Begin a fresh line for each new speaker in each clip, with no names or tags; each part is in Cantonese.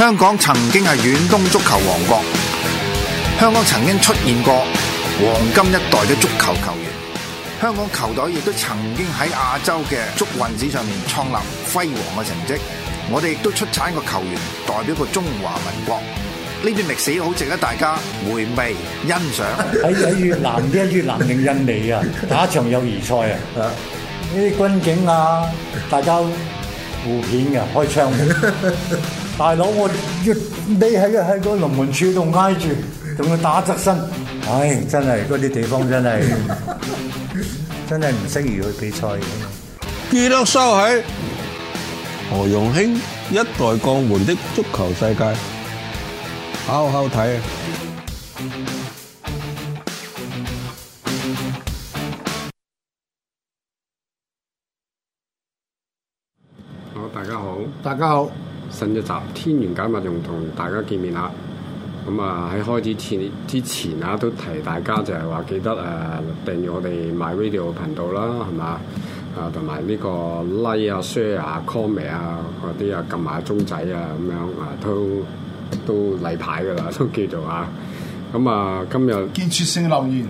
香港曾經係遠東足球王國，香港曾經出現過黃金一代嘅足球球員，香港球隊亦都曾經喺亞洲嘅足運史上面創立輝煌嘅成績。我哋亦都出產一個球員代表過中華民國，呢段歷史好值得大家回味欣賞。喺 越南，一於越南定印尼啊，打場友誼賽啊，呢啲軍警啊，大家互片嘅開槍。 大佬，我要匿喺喺個龍門柱度挨住，仲要打側身，唉，真係嗰啲地方真係，真係唔適宜去比賽嘅。記得收起何容興一代降門的足球世界，好好睇啊！好，大家
好，
大家好。新一集《天玄解密》仲同大家見面啦，咁啊喺開始前之前啊，都提大家就係話記得誒訂閱我哋 MyRadio 頻道啦，係嘛啊，同埋呢個 like 啊、share 啊、comment 啊嗰啲啊，撳埋鐘仔啊，咁樣啊都都例牌㗎啦，都叫做啊。咁啊今日建設性留言。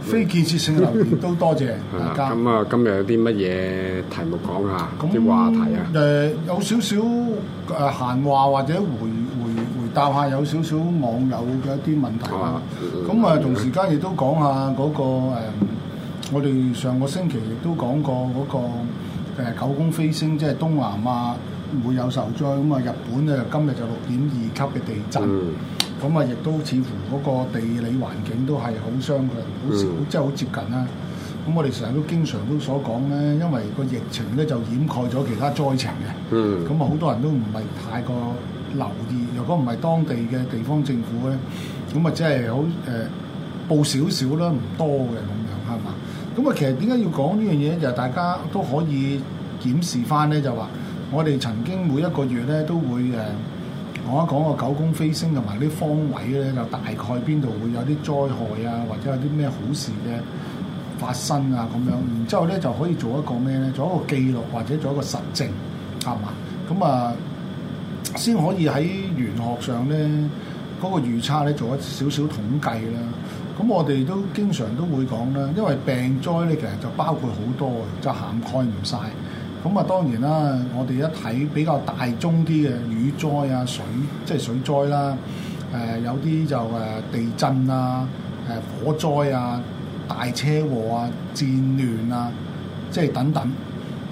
非建設性留
言都多謝大家。
咁啊， 今日有啲乜嘢題目講下
啲那話題啊？誒、呃，有少少誒閒話或者回回回答下有少少網友嘅一啲問題啦。咁啊，那嗯、同時間亦都講下嗰、那個、呃、我哋上個星期亦都講過嗰、那個、呃、九宮飛星，即係東南啊。唔會有受災咁啊！日本咧今日就六點二級嘅地震，咁啊亦都似乎嗰個地理環境都係好相近，好少即係好接近啦。咁、嗯、我哋成日都經常都所講咧，因為個疫情咧就掩蓋咗其他災情嘅，咁啊好多人都唔係太過留意。若果唔係當地嘅地方政府咧，咁啊即係好誒報少少啦，唔多嘅咁樣係嘛？咁啊其實點解要講呢樣嘢？就是、大家都可以檢視翻咧，就話。我哋曾經每一個月咧都會誒講、啊、一講個九宮飛星同埋啲方位咧，就大概邊度會有啲災害啊，或者有啲咩好事嘅發生啊咁樣，然之後咧就可以做一個咩咧，做一個記錄或者做一個實證，係嘛？咁啊，先可以喺玄學上咧嗰、嗰個預測咧做一少少統計啦。咁我哋都經常都會講啦，因為病災咧其實就包括好多就涵蓋唔晒。咁啊，當然啦，我哋一睇比較大宗啲嘅雨災啊、水即係水災啦、啊，誒、呃、有啲就誒地震啊、誒、呃、火災啊、大車禍啊、戰亂啊，即係等等。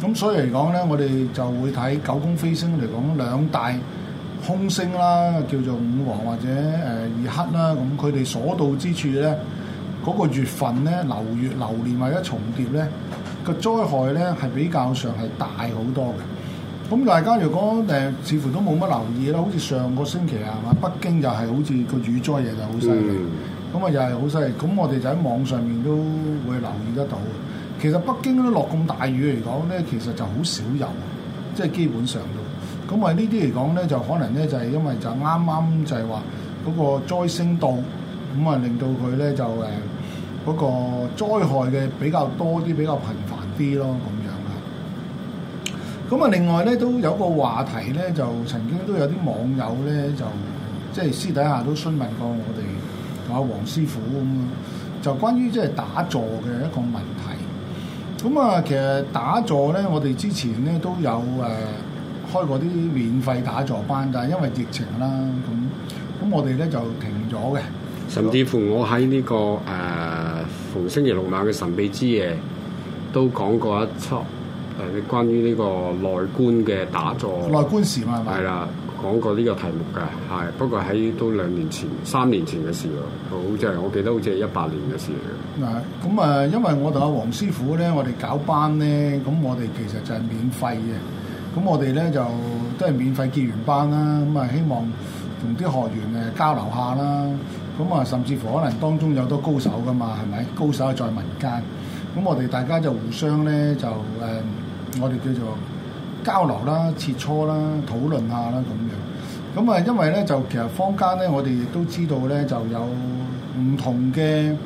咁所以嚟講咧，我哋就會睇九宮飛星嚟講兩大空星啦、啊，叫做五黃或者誒、呃、二黑啦、啊。咁佢哋所到之處咧，嗰、那個月份咧，流月流年或者重疊咧。個災害咧係比較上係大好多嘅，咁大家如果誒、呃、似乎都冇乜留意啦，好似上個星期啊，係嘛？北京又係好似個雨災嘢、嗯、就好犀利，咁啊又係好犀利，咁我哋就喺網上面都會留意得到。其實北京都落咁大雨嚟講咧，其實就好少有，即係基本上都。咁啊呢啲嚟講咧，就可能咧就係、是、因為就啱啱就係話嗰個災星到，咁啊令到佢咧就誒嗰、那個災害嘅比較多啲，比較頻繁。啲咯咁樣啊！咁啊，另外咧都有個話題咧，就曾經都有啲網友咧，就即係私底下都詢問過我哋同阿黃師傅咁咯，就關於即係打坐嘅一個問題。咁啊，其實打坐咧，我哋之前咧都有誒開過啲免費打坐班，但係因為疫情啦，咁咁我哋咧就停咗嘅。
甚至乎我喺呢、呢個誒、呃、逢星期六晚嘅神秘之夜，都講過一輯誒，關於呢個內觀嘅打坐。內
觀時嘛係咪？
係啦，講過呢個題目嘅，係不過喺都兩年前、三年前嘅事咯。好似係我記得好似係一八年嘅事嚟嘅。
嗱咁啊，因為我同阿黃師傅咧，我哋搞班咧，咁我哋其實就係免費嘅。咁我哋咧就都係免費結完班啦。咁、嗯、啊，希望同啲學員誒交流下啦。咁、嗯、啊，甚至乎可能當中有多高手㗎嘛，係咪？高手在民間。咁我哋大家就互相咧就誒、呃，我哋叫做交流啦、切磋啦、討論下啦咁樣。咁、嗯、啊，因為咧就其實坊間咧，我哋亦都知道咧就有唔同嘅誒、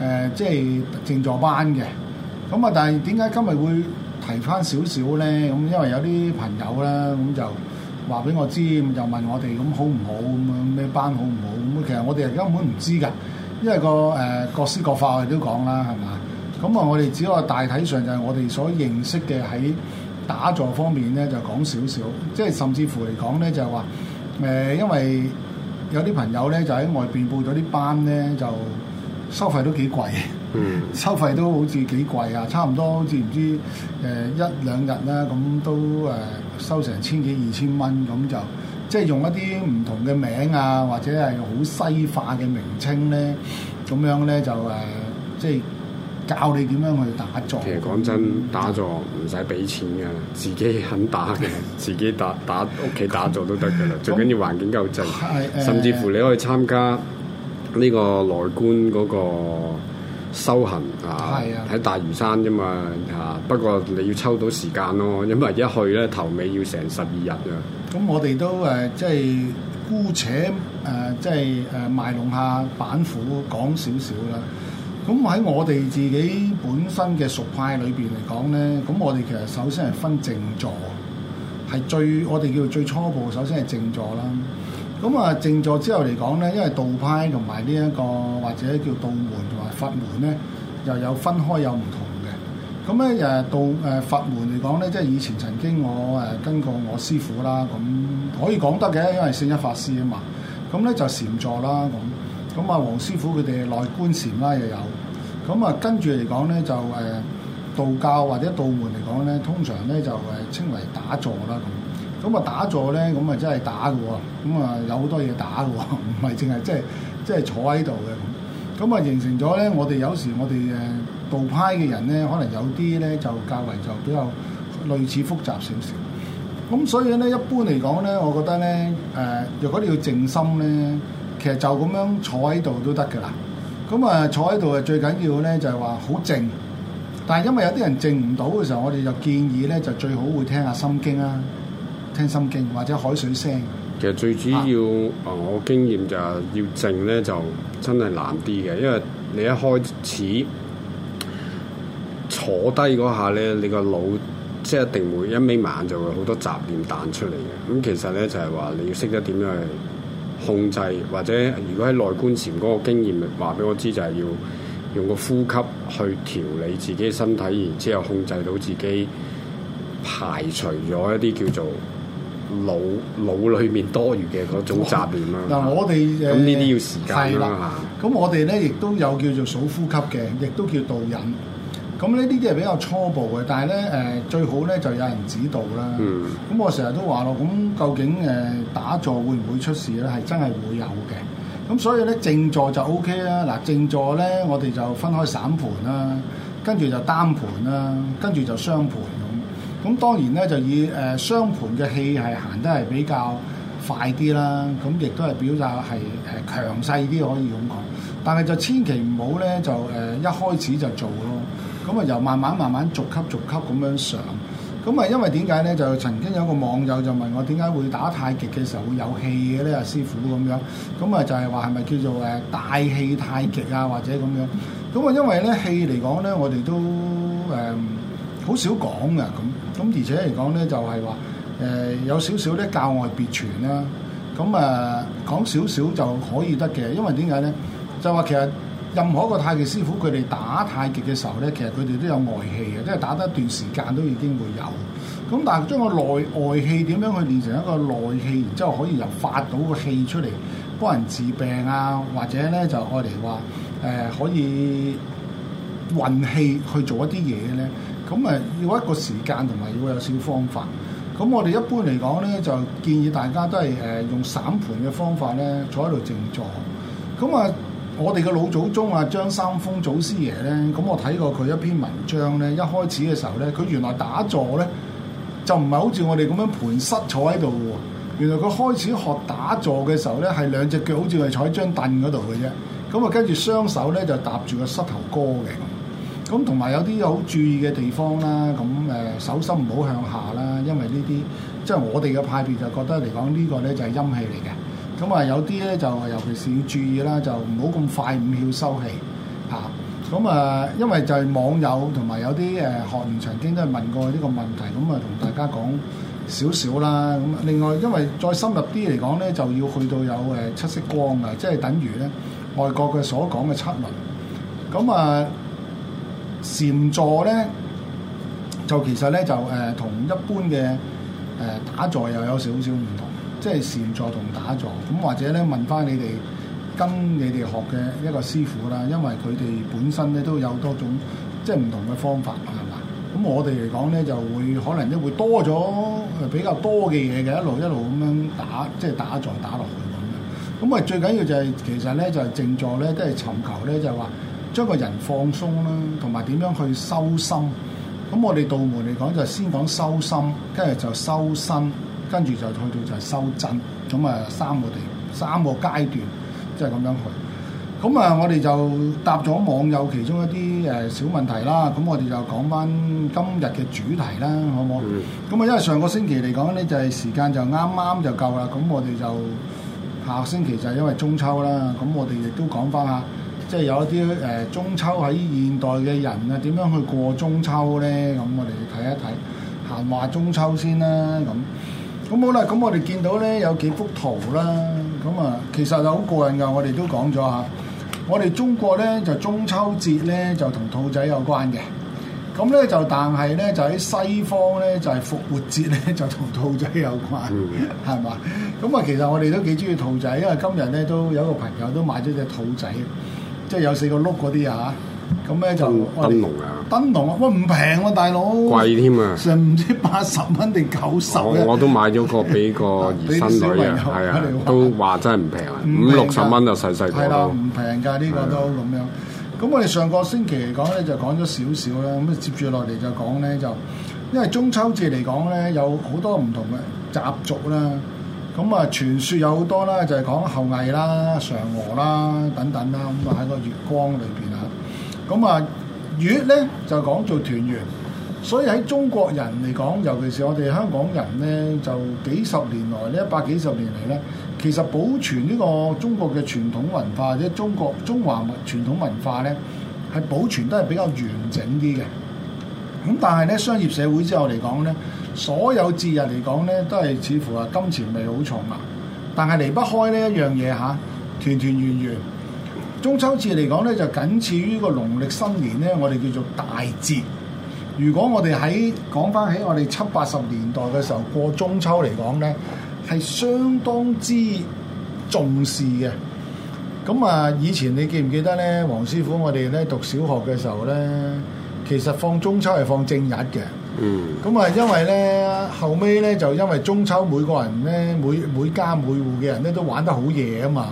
呃，即係正助班嘅。咁、嗯、啊，但係點解今日會提返少少咧？咁、嗯、因為有啲朋友啦，咁、嗯、就話俾我知，咁、嗯、就問我哋咁、嗯、好唔好咁樣咩班好唔好？咁、嗯、其實我哋係根本唔知㗎，因為個誒、呃、各師各法，我哋都講啦，係嘛？咁啊！我哋只可以大體上就係我哋所認識嘅喺打坐方面咧，就講少少，即係甚至乎嚟講咧，就係話誒，因為有啲朋友咧就喺外邊報咗啲班咧，就收費都幾貴，嗯、收費都好似幾貴啊！差唔多好似唔知誒一兩日啦，咁都誒收成千幾二千蚊咁就，即係用一啲唔同嘅名啊，或者係好西化嘅名稱咧，咁樣咧就誒、呃、即係。教你點樣去打坐？
其實講真，嗯、打坐唔使俾錢嘅，自己肯打嘅， 自己打打屋企打，打坐都得㗎啦。 那最緊要環境夠靜，啊啊、甚至乎你可以參加呢個內觀嗰個修行啊，喺、啊、大嶼山啫嘛嚇。不過你要抽到時間咯，因為一去咧頭尾要成十二日啊。
咁我哋都誒，即係姑且誒，即係誒賣弄，弄下板斧講少少啦。咁喺我哋自己本身嘅俗派裏邊嚟講咧，咁我哋其實首先係分靜坐，係最我哋叫做最初步，首先係靜坐啦。咁啊靜坐之後嚟講咧，因為道派同埋呢一個或者叫道門同埋佛門咧，又有分開有唔同嘅。咁咧誒道誒佛、呃、門嚟講咧，即係以前曾經我誒、呃、跟過我師傅啦，咁可以講得嘅，因為聖一法師啊嘛。咁咧就禪坐啦咁。咁啊，黃師傅佢哋內觀禪啦，又有。咁啊，跟住嚟講咧，就誒道教或者道門嚟講咧，通常咧就誒稱為打坐啦。咁咁啊，打坐咧，咁啊真係打㗎喎。咁啊，有好多嘢打㗎喎，唔係淨係即係即係坐喺度嘅。咁啊，形成咗咧，我哋有時我哋誒道派嘅人咧，可能有啲咧就較為就比較類似複雜少少。咁所以咧，一般嚟講咧，我覺得咧，誒、呃，如果你要靜心咧。其實就咁樣坐喺度都得㗎啦。咁啊，坐喺度啊，最緊要咧就係話好靜。但係因為有啲人靜唔到嘅時候，我哋就建議咧就最好會聽下心經啦，聽心經或者海水聲。
其實最主要啊，呃、我經驗就係、是、要靜咧就真係難啲嘅，因為你一開始坐低嗰下咧，你個腦即係一定會一眯眼就會好多雜念彈出嚟嘅。咁、嗯、其實咧就係、是、話你要識得點樣去，控制或者如果喺內觀前嗰個經驗，話俾我知就係要用個呼吸去調理自己身體，然之後控制到自己排除咗一啲叫做腦腦裏面多餘嘅嗰種雜念啦。嗱、哦，啊、我哋咁呢啲要時間啦。
咁、嗯嗯、我哋咧亦都有叫做數呼吸嘅，亦都叫導引。咁呢啲啲係比較初步嘅，但係咧誒最好咧就有人指導啦。咁、嗯、我成日都話咯，咁究竟誒、呃、打坐會唔會出事咧？係真係會有嘅。咁所以咧靜坐就 OK 啦。嗱靜坐咧我哋就分開散盤啦，跟住就單盤啦，跟住就雙盤咁。咁當然咧就以誒、呃、雙盤嘅氣係行得係比較快啲啦。咁亦都係表達係誒強勢啲可以咁講。但係就千祈唔好咧就誒、呃、一開始就做咯。咁啊，又慢慢慢慢逐級逐級咁樣上，咁啊，因為點解咧？就曾經有個網友就問我，點解會打太極嘅時候會有氣嘅咧，師傅咁樣，咁啊，就係話，係咪叫做誒大氣太極啊，或者咁樣咁啊，因為咧氣嚟講咧，我哋都誒好、呃、少講嘅咁。咁而且嚟講咧，就係話誒有少少咧教外別傳啦。咁啊講少少就可以得嘅，因為點解咧？就話其實。任何一個太極師傅，佢哋打太極嘅時候咧，其實佢哋都有外氣嘅，即係打得一段時間都已經會有。咁但係將個內外氣點樣去練成一個內氣，然之後可以由發到個氣出嚟幫人治病啊，或者咧就愛嚟話誒可以運氣去做一啲嘢咧。咁、嗯、啊，要一個時間同埋要有少少方法。咁、嗯、我哋一般嚟講咧，就建議大家都係誒、呃、用散盤嘅方法咧，坐喺度靜坐。咁、嗯、啊～、嗯我哋嘅老祖宗啊，張三豐祖師爺咧，咁我睇過佢一篇文章咧，一開始嘅時候咧，佢原來打坐咧就唔係好似我哋咁樣盤膝坐喺度喎，原來佢開始學打坐嘅時候咧，係兩隻腳好似係坐喺張凳嗰度嘅啫，咁啊跟住雙手咧就搭住個膝頭哥嘅咁，同埋有啲好注意嘅地方啦，咁誒、呃、手心唔好向下啦，因為呢啲即係我哋嘅派別就覺得嚟講呢個咧就係陰氣嚟嘅。咁啊，有啲咧就尤其是要注意啦，就唔好咁快五秒收氣嚇。咁啊，因為就係網友同埋有啲誒學員曾經都係問過呢個問題，咁啊同大家講少少啦。咁另外，因為再深入啲嚟講咧，就要去到有誒七色光啊，即係等於咧外國嘅所講嘅七輪。咁啊，禪坐咧就其實咧就誒同一般嘅誒打坐又有少少唔同。即係禪坐同打坐，咁或者咧問翻你哋，跟你哋學嘅一個師傅啦，因為佢哋本身咧都有多種即係唔同嘅方法，係嘛？咁我哋嚟講咧就會可能都會多咗比較多嘅嘢嘅，一路一路咁樣打即係打坐打落去咁樣。咁啊最緊要就係其實咧就係靜坐咧都係尋求咧就係話將個人放鬆啦，同埋點樣去收心。咁我哋道門嚟講就先講收心，跟住就修身。跟住就去到就係收震，咁啊三個地，三個階段，即係咁樣去。咁啊，我哋就答咗網友其中一啲誒小問題啦。咁我哋就講翻今日嘅主題啦，好冇？咁啊、嗯，因為上個星期嚟講咧，就係、是、時間就啱啱就夠啦。咁我哋就下個星期就係因為中秋啦，咁我哋亦都講翻下，即、就、係、是、有一啲誒中秋喺現代嘅人啊，點樣去過中秋咧？咁我哋睇一睇，閒話中秋先啦，咁。咁好啦，咁我哋見到咧有幾幅圖啦，咁啊其實就好過癮㗎，我哋都講咗嚇。我哋中國咧就中秋節咧就同兔仔有關嘅，咁咧就但係咧就喺西方咧就係復活節咧就同兔仔有關，係嘛、嗯？咁啊其實我哋都幾中意兔仔，因為今日咧都有個朋友都買咗隻兔仔，即係有四個轆嗰啲啊嚇。咁咧、嗯、就燈籠啊！燈籠啊，喂，唔平喎，大佬貴添啊！成唔知八十蚊定九十？我我都
買咗個俾個二三女啊，係說啊，都話真係唔平啊！五六
十蚊就細細個。係啦、啊，唔平㗎呢個都咁樣。咁我哋上個星期嚟講咧就講咗少少啦。咁啊接住落嚟就講咧就，因為中秋節嚟講咧有好多唔同嘅習俗啦。咁啊傳說有好多啦，就係、是、講後羿啦、嫦娥啦等等啦。咁啊喺個月光裏邊啊～咁啊，月咧、嗯、就講做團圓，所以喺中國人嚟講，尤其是我哋香港人咧，就幾十年來呢一百幾十年嚟咧，其實保存呢個中國嘅傳統文化，或者中國中華傳統文化咧，係保存得係比較完整啲嘅。咁但係咧，商業社會之後嚟講咧，所有節日嚟講咧，都係似乎啊金錢味好重啊，但係離不開呢一樣嘢嚇、啊，團團圓圓。中秋節嚟講咧，就僅次於個農曆新年咧，我哋叫做大節。如果我哋喺講返起我哋七八十年代嘅時候過中秋嚟講咧，係相當之重視嘅。咁啊，以前你記唔記得咧，黃師傅我哋咧讀小學嘅時候咧，其實放中秋係放正日嘅。嗯。咁啊，因為咧後尾咧就因為中秋每個人咧每每家每戶嘅人咧都玩得好夜啊嘛。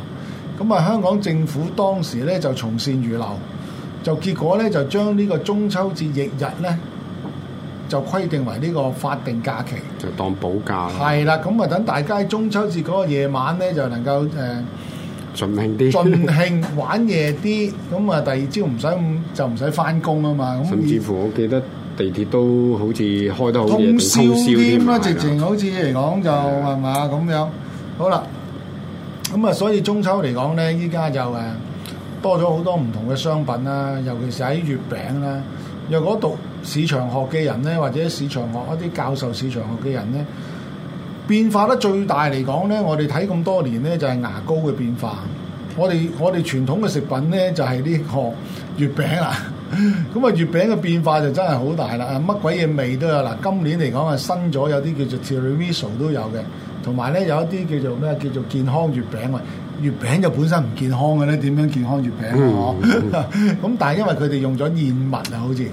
咁啊，香港政府當時咧就從善如流，就結果咧就將呢個中秋節翌日咧就規定為呢個法定假期，
就當補假。係
啦，咁啊等大家喺中秋節嗰個夜晚咧，就能夠誒
盡興啲，盡興
玩夜啲，咁啊第二朝唔使咁就唔使翻工啊嘛。甚至
乎，我記得地鐵都好似開得好夜，通宵添啦，直情
好似嚟講就係嘛咁樣。好啦。咁啊，所以中秋嚟講咧，依家就誒多咗好多唔同嘅商品啦，尤其是喺月餅啦。若果讀市場學嘅人咧，或者市場學一啲教授市場學嘅人咧，變化得最大嚟講咧，我哋睇咁多年咧，就係牙膏嘅變化。我哋我哋傳統嘅食品咧，就係呢個月餅啦。咁啊， 月餅嘅變化就真係好大啦！啊，乜鬼嘢味都有嗱，今年嚟講啊，新咗有啲叫做 Tiramisu 都有嘅。同埋咧，有一啲叫做咩叫做健康月餅啊，月餅就本身唔健康嘅咧，點樣健康月餅咁、mm hmm. 但係因為佢哋用咗燕麥啊，好似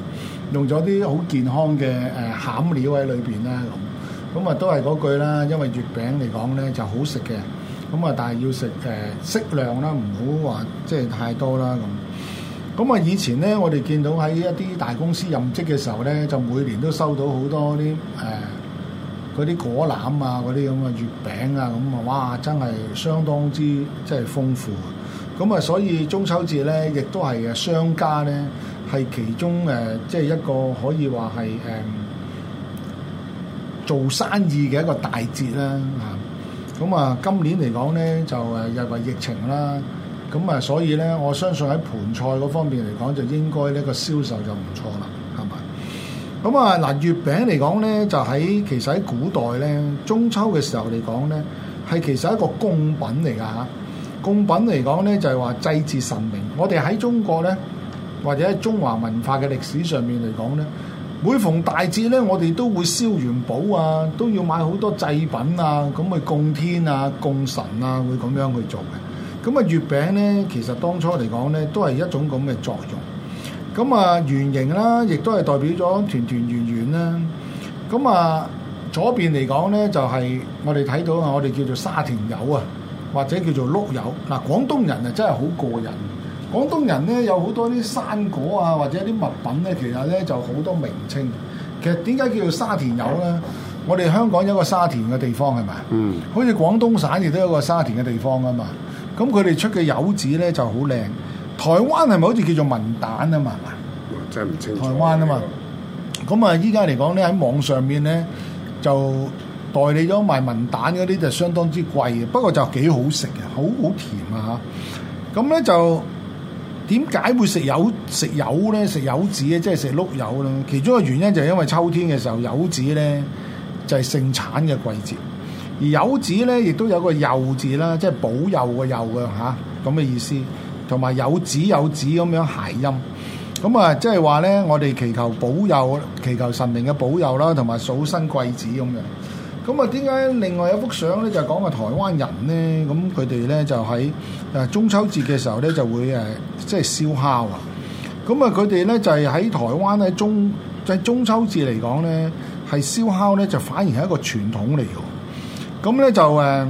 用咗啲好健康嘅誒、呃、餡料喺裏邊啦，咁咁啊都係嗰句啦，因為月餅嚟講咧就好食嘅，咁、嗯、啊但係要食誒適量啦，唔好話即係太多啦咁。咁、嗯、啊、嗯、以前咧我哋見到喺一啲大公司任職嘅時候咧，就每年都收到好多啲誒。呃嗰啲果籃啊，嗰啲咁嘅月餅啊，咁啊，哇！真係相當之即係豐富啊！咁啊，所以中秋節咧，亦都係誒商家咧，係其中誒即係一個可以話係誒做生意嘅一個大節啦嚇。咁啊，今年嚟講咧，就誒又係疫情啦，咁啊，所以咧，我相信喺盆菜嗰方面嚟講，就應該呢個銷售就唔錯啦。咁啊，嗱，月餅嚟講咧，就喺其實喺古代咧，中秋嘅時候嚟講咧，係其實一個供品嚟㗎嚇。供品嚟講咧，就係話祭祀神明。我哋喺中國咧，或者喺中華文化嘅歷史上面嚟講咧，每逢大節咧，我哋都會燒元寶啊，都要買好多祭品啊，咁去供天啊、供神啊，會咁樣去做嘅。咁啊，月餅咧，其實當初嚟講咧，都係一種咁嘅作用。咁啊，圓形啦，亦都係代表咗團團圓圓啦。咁啊，左邊嚟講呢，就係、是、我哋睇到啊，我哋叫做沙田柚啊，或者叫做碌柚。嗱、啊，廣東人啊，真係好過癮。廣東人呢，有好多啲生果啊，或者啲物品呢，其實呢就好多名稱。其實點解叫做沙田柚呢？我哋香港有個沙田嘅地方係咪？嗯。好似廣東省亦都有個沙田嘅地方㗎嘛。咁佢哋出嘅柚子呢，就好靚。台灣係咪好似叫做文蛋啊？嘛，哇！真係唔清楚。台灣啊嘛，咁啊，依家嚟講咧，喺網上面咧，就代理咗賣文蛋嗰啲就相當之貴嘅，不過就幾好食嘅，好好甜啊嚇！咁咧就點解會食柚食柚咧？食柚子咧，即係食碌柚啦。其中一個原因就係因為秋天嘅時候柚子咧就係、是、盛產嘅季節，而柚子咧亦都有個柚字啦，即係保佑嘅佑嘅吓，咁、啊、嘅意思。同埋有子有子咁樣諧音，咁啊即係話咧，我哋祈求保佑，祈求神明嘅保佑啦，同埋數生貴子咁樣。咁啊，點解另外一幅相咧就講啊，台灣人咧，咁佢哋咧就喺誒中秋節嘅時候咧就會誒即係燒烤啊。咁啊，佢哋咧就係喺台灣喺中即係中秋節嚟講咧，係燒烤咧就反而係一個傳統嚟嘅。咁咧就誒。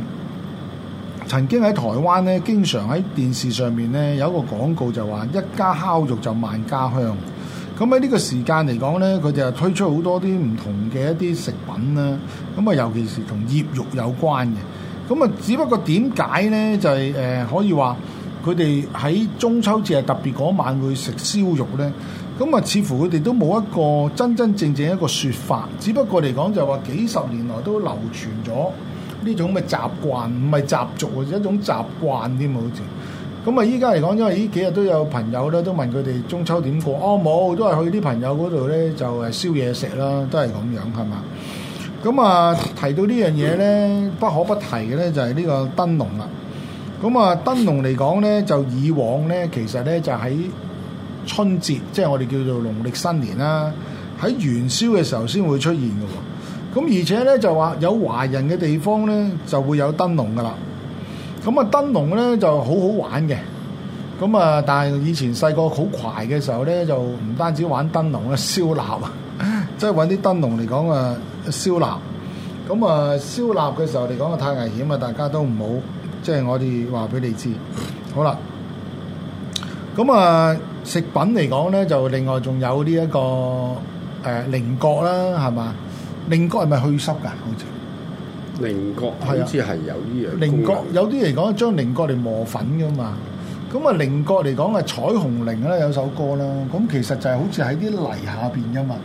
曾經喺台灣咧，經常喺電視上面咧有一個廣告就話一家烤肉就萬家香。咁喺呢個時間嚟講咧，佢哋就係推出好多啲唔同嘅一啲食品啦。咁啊，尤其是同醃肉有關嘅。咁啊，只不過點解咧就係、是、誒、呃、可以話佢哋喺中秋節係特別嗰晚會食燒肉咧？咁啊，似乎佢哋都冇一個真真正正一個說法。只不過嚟講就話幾十年來都流傳咗。呢種嘅習慣，唔係習俗或者一種習慣添喎，好似。咁啊，依家嚟講，因為呢幾日都有朋友咧，都問佢哋中秋點過。哦，冇，都係去啲朋友嗰度咧，就係、是、燒嘢食啦，都係咁樣係嘛。咁啊，提到呢樣嘢咧，不可不提嘅咧就係呢個燈籠啦。咁啊，燈籠嚟講咧，就以往咧，其實咧就喺、是、春節，即、就、係、是、我哋叫做農曆新年啦，喺元宵嘅時候先會出現㗎喎。咁而且咧就話，有華人嘅地方咧就會有燈籠噶啦。咁啊，燈籠咧就好好玩嘅。咁啊，但係以前細個好攰嘅時候咧就唔單止玩燈籠啦，燒蠟啊，即係揾啲燈籠嚟講啊燒蠟。咁啊，燒蠟嘅時候嚟講啊太危險啊，大家都唔好，即係我哋話俾你知。好啦，咁啊，食品嚟講咧就另外仲有呢一個誒菱角啦，係嘛？菱角係咪去濕噶好似
菱角，好似係有呢樣。菱角
有啲嚟講，將菱角嚟磨粉噶嘛。咁啊，菱角嚟講係彩虹菱啦，有首歌啦。咁其實就係好似喺啲泥下邊噶嘛，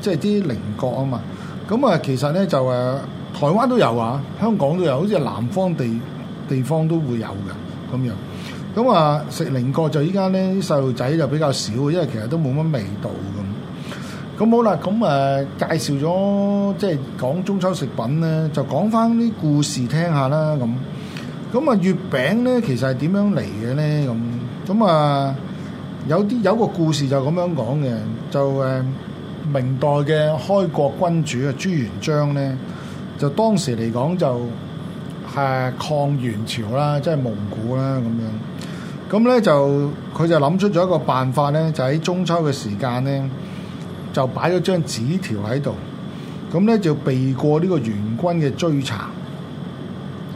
即係啲菱角啊嘛。咁啊，其實咧就誒，台灣都有啊，香港都有，好似南方地地方都會有嘅咁樣。咁啊，食菱角就依家咧，細路仔就比較少，因為其實都冇乜味道。咁好啦，咁誒介紹咗即係講中秋食品咧，就講翻啲故事聽下啦，咁咁啊月餅咧其實係點樣嚟嘅咧？咁咁啊有啲有個故事就咁樣講嘅，就誒明代嘅開國君主啊朱元璋咧，就當時嚟講就係抗元朝啦，即係蒙古啦咁樣，咁咧就佢就諗出咗一個辦法咧，就喺中秋嘅時間咧。就擺咗張紙條喺度，咁咧就避過呢個元軍嘅追查，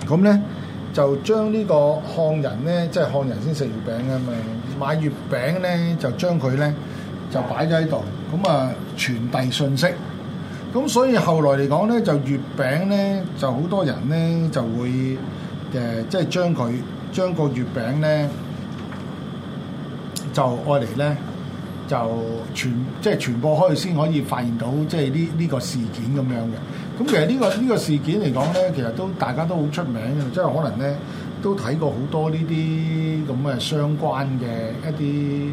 咁咧就將呢個漢人咧，即係漢人先食月餅吖嘛，買月餅咧就將佢咧就擺咗喺度，咁啊傳遞信息。咁所以後來嚟講咧，就月餅咧就好多人咧就會誒，即係將佢將個月餅咧就愛嚟咧。就傳即係傳播開先可以發現到即係呢呢個事件咁樣嘅。咁其實呢個呢個事件嚟講咧，其實都大家都好出名嘅，即係可能咧都睇過好多呢啲咁嘅相關嘅一啲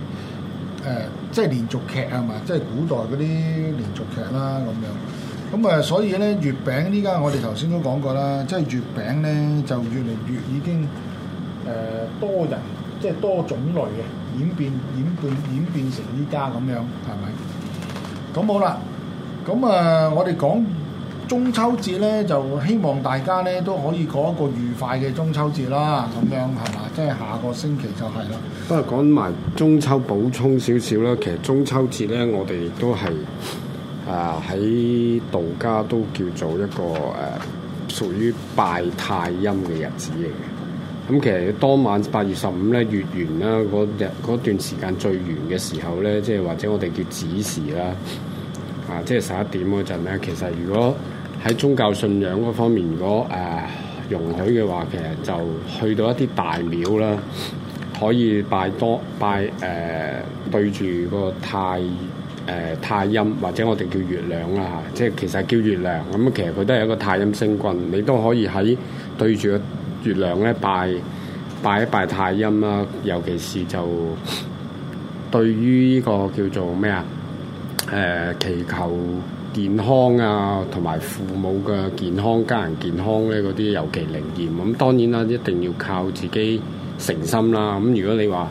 誒，即係連續劇啊嘛，即係古代嗰啲連續劇啦咁樣。咁誒，所以咧月餅呢家，我哋頭先都講過啦，即係月餅咧就越嚟越已經誒多人。即係多種類嘅演變、演變、演變成依家咁樣，係咪？咁好啦，咁啊、呃，我哋講中秋節咧，就希望大家咧都可以過一個愉快嘅中秋節啦，咁樣係嘛？即係下個星期就係啦。
不過講埋中秋補充少少啦，其實中秋節咧，我哋都係啊喺道家都叫做一個誒、呃、屬於拜太陰嘅日子嚟嘅。咁其實當晚八月十五咧月圓啦，嗰日嗰段時間最圓嘅時候咧，即係或者我哋叫子時啦，啊，即係十一點嗰陣咧。其實如果喺宗教信仰嗰方面，如果誒、啊、容許嘅話，其實就去到一啲大廟啦，可以拜多拜誒、呃、對住個太誒、呃、太陰，或者我哋叫月亮啦、啊，即係其實叫月亮咁。其實佢都係一個太陰星君，你都可以喺對住。月亮咧拜，拜一拜太陰啦、啊，尤其是就對於呢個叫做咩啊，誒、呃、祈求健康啊，同埋父母嘅健康、家人健康咧，嗰啲尤其靈驗。咁、嗯、當然啦，一定要靠自己誠心啦。咁、嗯、如果你話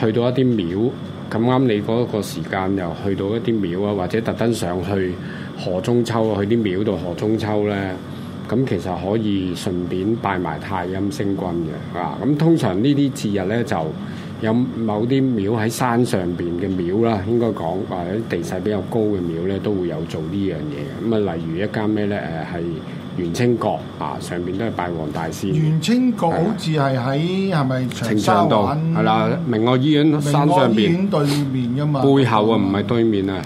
去到一啲廟，咁啱你嗰個時間又去到一啲廟啊，或者特登上去賀中秋啊，去啲廟度賀中秋咧。咁其實可以順便拜埋太陰星君嘅啊！咁通常呢啲節日咧就有某啲廟喺山上面嘅廟啦，應該講啊，或者地勢比較高嘅廟咧都會有做呢樣嘢嘅。咁啊，例如一間咩咧誒係元清閣啊，上面都係拜王大師。元
清閣好似係喺係咪青山道？係啦，
明愛醫院山上邊
對面㗎嘛？背
後啊，唔係對面啊，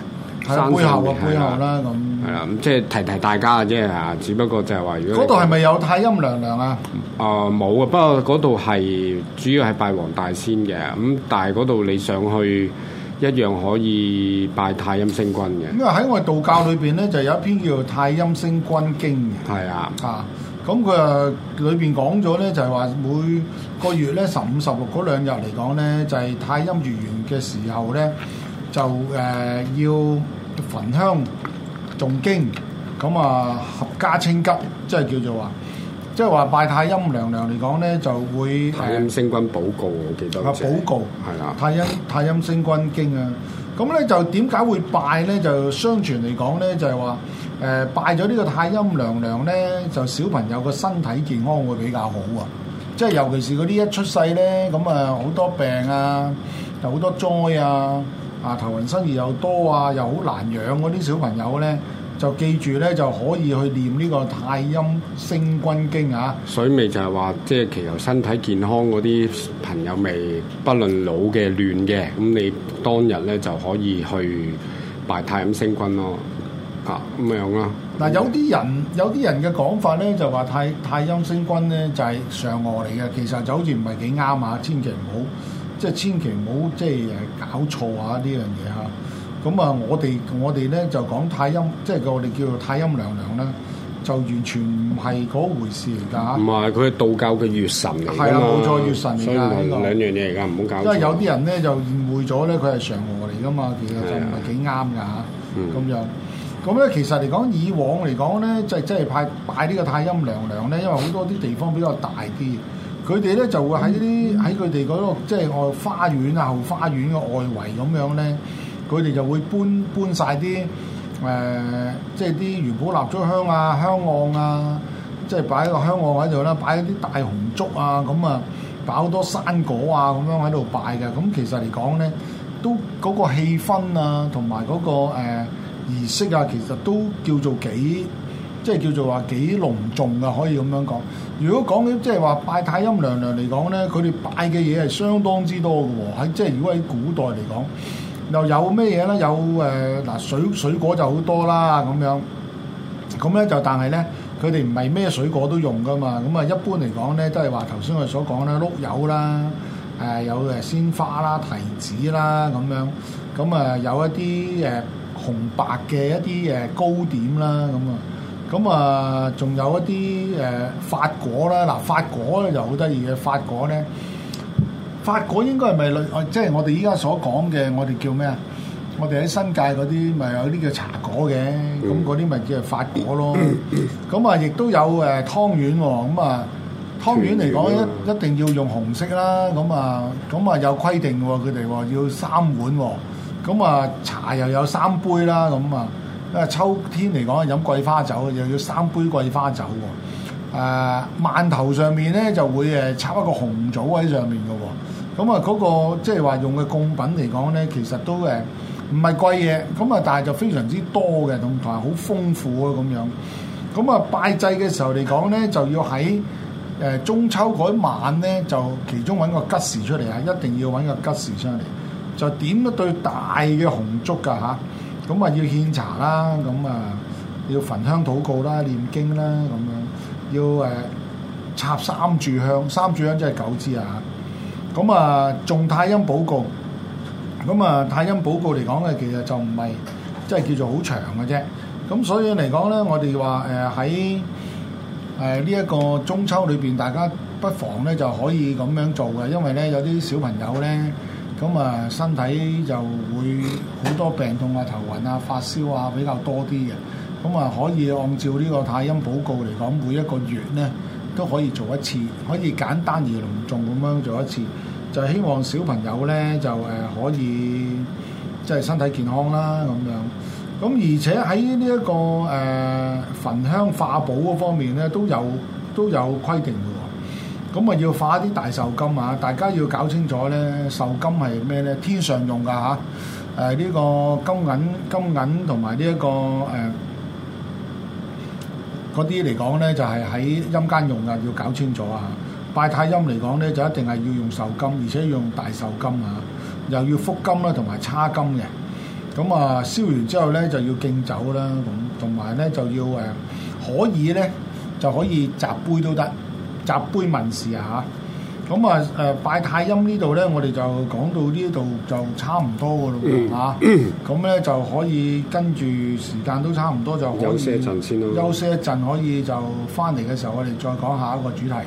山背後係啦咁。
係啦，咁、嗯、即係提提大家嘅啫嚇，只不過就係話如果嗰度係
咪有太陰娘娘啊？
呃、啊冇嘅，不過嗰度係主要係拜黃大仙嘅，咁、嗯、但係嗰度你上去一樣可以拜太陰星君嘅。因
為喺我哋道教裏邊咧，就有一篇叫做《太陰星君經》嘅。係啊。嚇！咁佢啊，裏邊講咗咧，就係、是、話每個月咧十五、十六嗰兩日嚟講咧，就係、是、太陰月圓嘅時候咧，就誒、呃、要焚香。仲經，咁啊合家清吉，即係叫做話，即係話拜太陰娘娘嚟講咧，就會太陰
星君保佑。我記得。啊，保佑，係啦的。
太陰太陰星君經啊，咁咧就點解會拜咧？就相傳嚟講咧，就係話誒拜咗呢個太陰娘娘咧，就小朋友個身體健康會比較好啊！即係尤其是嗰啲一出世咧，咁啊好多病啊，就好多災啊。啊，頭暈身熱又多啊，又好難養嗰啲小朋友咧，就記住咧就可以去唸呢個太陰星君經啊。
所以咪就係話，即係祈求身體健康嗰啲朋友咪，不論老嘅嫩嘅，咁你當日咧就可以去拜太陰星君咯。啊，咁樣咯。
嗱，有啲人，有啲人嘅講法咧，就話太太陰星君咧就係嫦娥嚟嘅，其實就好似唔係幾啱啊，千祈唔好。即係千祈唔好即係誒搞錯啊！呢樣嘢嚇、啊，咁啊，我哋我哋咧就講太陰，即係我哋叫做太陰娘娘啦，就完全唔係嗰回事嚟㗎嚇。
唔係，佢係道教嘅月神嚟。係啊，冇、啊、錯，月神嚟㗎。所以兩樣嘢嚟㗎，唔好搞錯、啊。因為有
啲人咧就誤會咗咧，佢係嫦娥嚟㗎嘛，其實就唔係幾啱㗎嚇。咁、嗯、樣，咁咧其實嚟講，以往嚟講咧，即係即係派擺呢個太陰娘娘咧，因為好多啲地方比較大啲。 佢哋咧就會喺呢啲喺佢哋嗰個即係、就是、外花園啊、後花園嘅外圍咁樣咧，佢哋就會搬搬晒啲誒，即係啲元寶蠟燭香啊、香案啊，即、就、係、是、擺個香案喺度啦，擺一啲大紅燭啊咁啊，擺好多生果啊咁樣喺度拜嘅。咁、嗯、其實嚟講咧，都嗰、那個氣氛啊，同埋嗰個誒、呃、儀式啊，其實都叫做幾即係、就是、叫做話幾隆重啊，可以咁樣講。如果講起即係話拜太陰娘娘嚟講咧，佢哋拜嘅嘢係相當之多嘅喎，喺即係如果喺古代嚟講，又有咩嘢咧？有誒嗱、呃、水水果就好多啦咁樣，咁咧就但係咧，佢哋唔係咩水果都用噶嘛，咁啊一般嚟講咧，即係話頭先我哋所講咧，碌柚啦，誒、呃、有誒鮮花啦、提子啦咁樣，咁啊、呃、有一啲誒、呃、紅白嘅一啲誒、呃、糕點啦咁啊。咁啊，仲有一啲誒、呃、法果啦，嗱法果咧就好得意嘅，法果咧，法果應該係米類？即係我哋依家所講嘅，我哋叫咩啊？我哋喺新界嗰啲咪有啲叫茶果嘅，咁嗰啲咪叫法果咯。咁、嗯嗯嗯嗯嗯嗯哦、啊，亦都有誒湯圓喎，咁啊湯圓嚟講一一定要用紅色啦，咁啊咁啊有規定喎、哦，佢哋話要三碗喎、哦，咁啊茶又有三杯啦，咁啊。因為秋天嚟講，飲桂花酒又要三杯桂花酒喎。誒、呃，饅頭上面咧就會誒插一個紅棗喺上面嘅喎。咁、嗯、啊，嗰、那個即係話用嘅供品嚟講咧，其實都誒唔係貴嘢，咁啊，但係就非常之多嘅，同埋好豐富啊咁樣。咁、嗯、啊，拜祭嘅時候嚟講咧，就要喺誒中秋嗰晚咧，就其中揾個吉時出嚟啊！一定要揾個吉時出嚟，就點一對大嘅紅燭㗎嚇。啊咁啊要獻茶啦，咁啊要焚香禱告啦、唸經啦，咁樣要誒插三炷香，三炷香即係九支啊！咁啊，仲太陰寶誥，咁啊太陰寶誥嚟講咧，其實就唔係即係叫做好長嘅啫。咁所以嚟講咧，我哋話誒喺誒呢一個中秋裏邊，大家不妨咧就可以咁樣做嘅，因為咧有啲小朋友咧。咁啊，身體就會好多病痛啊、頭暈啊、發燒啊比較多啲嘅。咁、嗯、啊，可以按照呢個太陰寶告嚟講，每一個月咧都可以做一次，可以簡單而隆重咁樣做一次。就希望小朋友咧就誒可以即係、就是、身體健康啦咁樣。咁、嗯、而且喺呢一個誒焚、呃、香化寶嗰方面咧都有都有規定。咁啊，要化啲大壽金啊！大家要搞清楚咧，壽金係咩咧？天上用噶嚇、啊，誒、呃、呢、這個金銀、金銀同埋呢一個誒嗰啲嚟講咧，就係喺陰間用噶，要搞清楚啊！拜太陰嚟講咧，就一定係要用壽金，而且要用大壽金啊！又要福金啦、啊，同埋叉金嘅。咁啊，燒完之後咧，就要敬酒啦，同同埋咧就要誒、呃、可以咧就可以擲杯都得。擲杯問事啊嚇，咁啊，誒拜太陰呢度咧，我哋就講到呢度就差唔多噶啦嚇，咁咧就可以跟住時間都差唔多就可以休息一
陣先。休
息一陣可以就翻嚟嘅時候，我哋再講下一個主題。